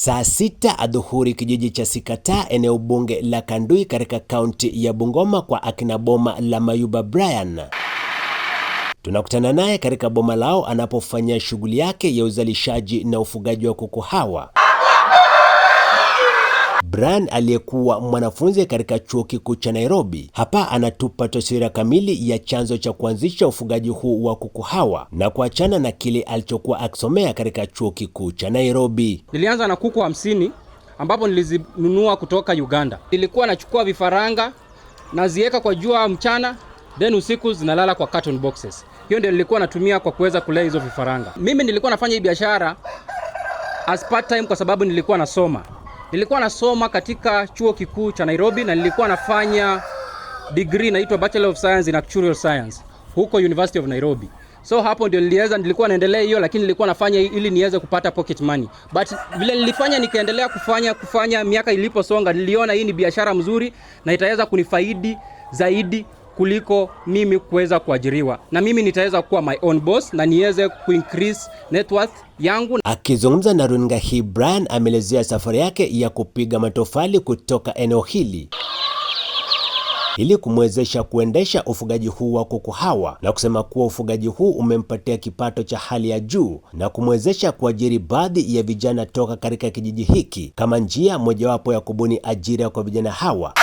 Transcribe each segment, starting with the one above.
Saa sita adhuhuri kijiji cha Sikata eneo bunge la Kandui katika kaunti ya Bungoma kwa akina boma la Mayuba Brian. Tunakutana naye katika boma lao anapofanya shughuli yake ya uzalishaji na ufugaji wa kuku hawa. Brian aliyekuwa mwanafunzi katika chuo kikuu cha Nairobi. Hapa anatupa taswira kamili ya chanzo cha kuanzisha ufugaji huu wa kuku hawa na kuachana na kile alichokuwa akisomea katika chuo kikuu cha Nairobi. Nilianza na kuku hamsini ambapo nilizinunua kutoka Uganda. Nilikuwa nachukua vifaranga naziweka kwa jua mchana, then usiku zinalala kwa carton boxes. Hiyo ndio nilikuwa natumia kwa kuweza kulea hizo vifaranga. Mimi nilikuwa nafanya hii biashara as part time kwa sababu nilikuwa nasoma. Nilikuwa nasoma katika chuo kikuu cha Nairobi na nilikuwa nafanya degree inaitwa Bachelor of Science in Actuarial Science huko University of Nairobi. So hapo ndio niliweza, nilikuwa naendelea hiyo, lakini nilikuwa nafanya ili niweze kupata pocket money. But vile nilifanya, nikaendelea kufanya kufanya, miaka iliposonga, niliona hii ni biashara mzuri na itaweza kunifaidi zaidi kuliko mimi kuweza kuajiriwa, na mimi nitaweza kuwa my own boss na niweze kuincrease net worth yangu. Akizungumza na runinga hii, Brian ameelezea safari yake ya kupiga matofali kutoka eneo hili ili kumwezesha kuendesha ufugaji huu wa kuku hawa na kusema kuwa ufugaji huu umempatia kipato cha hali ya juu na kumwezesha kuajiri baadhi ya vijana toka katika kijiji hiki kama njia mojawapo ya kubuni ajira kwa vijana hawa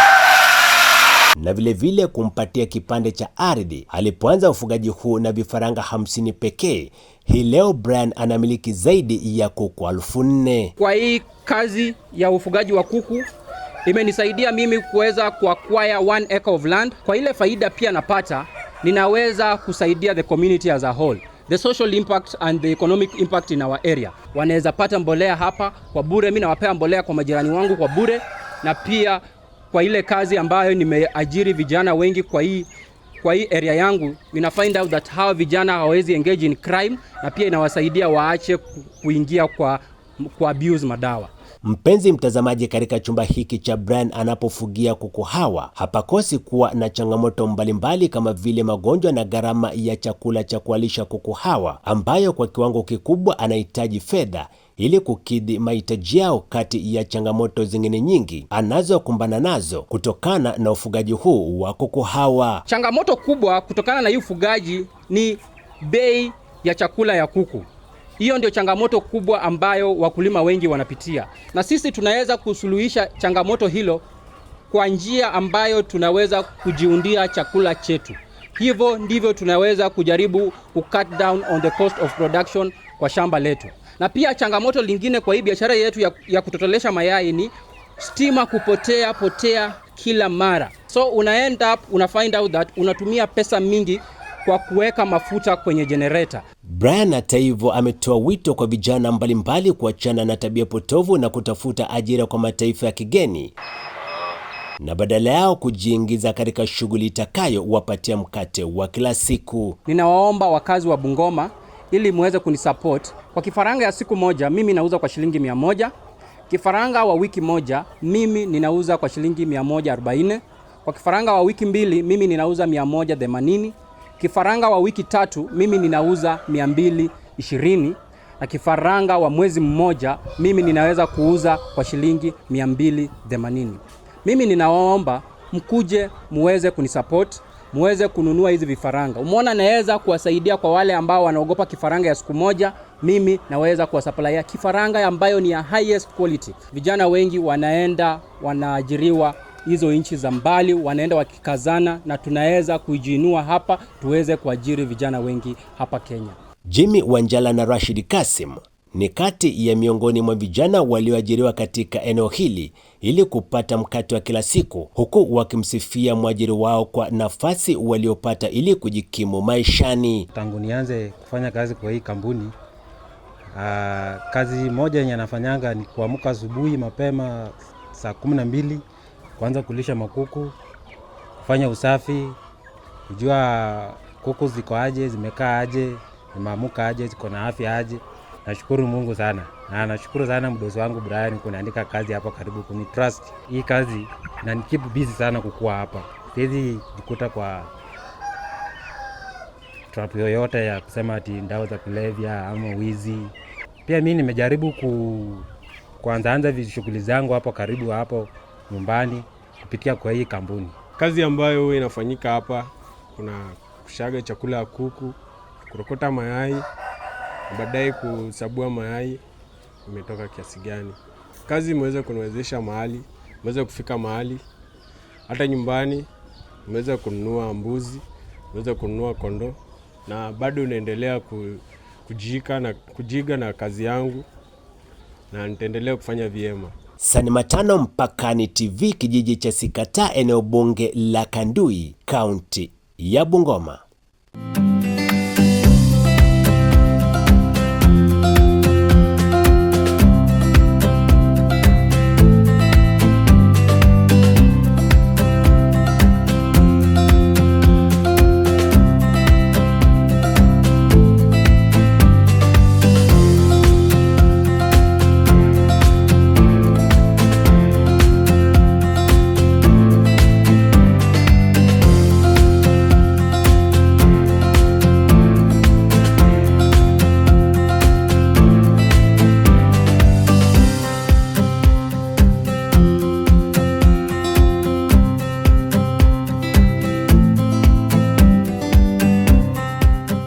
na vilevile vile kumpatia kipande cha ardhi alipoanza ufugaji huu na vifaranga hamsini pekee. Hii leo Brian anamiliki zaidi ya kuku elfu nne. Kwa hii kazi ya ufugaji wa kuku imenisaidia mimi kuweza kuacquire one acre of land. Kwa ile faida pia napata, ninaweza kusaidia the community as a whole the social impact and the economic impact in our area. Wanaweza pata mbolea hapa kwa bure, mimi nawapea mbolea kwa majirani wangu kwa bure, na pia kwa ile kazi ambayo nimeajiri vijana wengi kwa hii kwa hii area yangu, nina find out that hawa vijana hawawezi engage in crime na pia inawasaidia waache kuingia kwa, kwa abuse madawa. Mpenzi mtazamaji, katika chumba hiki cha Brian anapofugia kuku hawa hapakosi kuwa na changamoto mbalimbali kama vile magonjwa na gharama ya chakula cha kualisha kuku hawa ambayo kwa kiwango kikubwa anahitaji fedha ili kukidhi mahitaji yao kati ya changamoto zingine nyingi anazokumbana nazo kutokana na ufugaji huu wa kuku hawa. Changamoto kubwa kutokana na hii ufugaji ni bei ya chakula ya kuku. Hiyo ndio changamoto kubwa ambayo wakulima wengi wanapitia, na sisi tunaweza kusuluhisha changamoto hilo kwa njia ambayo tunaweza kujiundia chakula chetu. Hivyo ndivyo tunaweza kujaribu ku cut down on the cost of production kwa shamba letu. Na pia changamoto lingine kwa hii biashara yetu ya, ya kutotolesha mayai ni stima kupotea potea kila mara, so una end up una find out that unatumia pesa mingi kwa kuweka mafuta kwenye jenereta. Brian hata hivyo ametoa wito kwa vijana mbalimbali kuachana na tabia potovu na kutafuta ajira kwa mataifa ya kigeni na badala yao kujiingiza katika shughuli itakayo wapatia mkate wa kila siku. Ninawaomba wakazi wa Bungoma ili muweze kunisupport. Kwa kifaranga ya siku moja mimi nauza kwa shilingi mia moja. Kifaranga wa wiki moja mimi ninauza kwa shilingi 140. Kwa kifaranga wa wiki mbili mimi ninauza 180. Kifaranga wa wiki tatu mimi ninauza 220 na kifaranga wa mwezi mmoja mimi ninaweza kuuza kwa shilingi 280. Mimi ninawaomba mkuje muweze kunisupport muweze kununua hizi vifaranga. Umeona, naweza kuwasaidia kwa wale ambao wanaogopa kifaranga ya siku moja, mimi naweza kuwasupplya kifaranga ambayo ni ya highest quality. Vijana wengi wanaenda wanaajiriwa hizo nchi za mbali, wanaenda wakikazana, na tunaweza kujiinua hapa tuweze kuajiri vijana wengi hapa Kenya. Jimmy Wanjala na Rashid Kasim ni kati ya miongoni mwa vijana walioajiriwa katika eneo hili ili kupata mkate wa kila siku, huku wakimsifia mwajiri wao kwa nafasi waliopata ili kujikimu maishani. Tangu nianze kufanya kazi kwa hii kampuni ah, kazi moja yenye anafanyanga ni kuamka asubuhi mapema saa kumi na mbili kuanza kulisha makuku, kufanya usafi, kujua kuku ziko aje, zimekaa aje, zimeamuka aje, ziko na afya aje. Nashukuru Mungu sana na nashukuru sana mdosi wangu Brian kuniandika kazi hapa karibu kuni trust hii kazi na nikipu busy sana kukua hapa. Siwezi jikuta kwa trap yoyote ya kusema ati ndawa za kulevya ama wizi. Pia mimi nimejaribu ku kuanzaanza shughuli zangu hapo karibu hapo nyumbani kupitia kwa hii kampuni. Kazi ambayo inafanyika hapa kuna kushaga chakula ya kuku, kurokota mayai baadaye kusabua mayai imetoka kiasi gani. Kazi imeweza kuniwezesha mahali, imeweza kufika mahali, hata nyumbani umeweza kununua mbuzi, umeweza kununua kondoo na bado naendelea kujika na, kujiga na kazi yangu na nitaendelea kufanya vyema. Sani Matano, Mpakani TV, kijiji cha Sikata, eneo bunge la Kandui, kaunti ya Bungoma.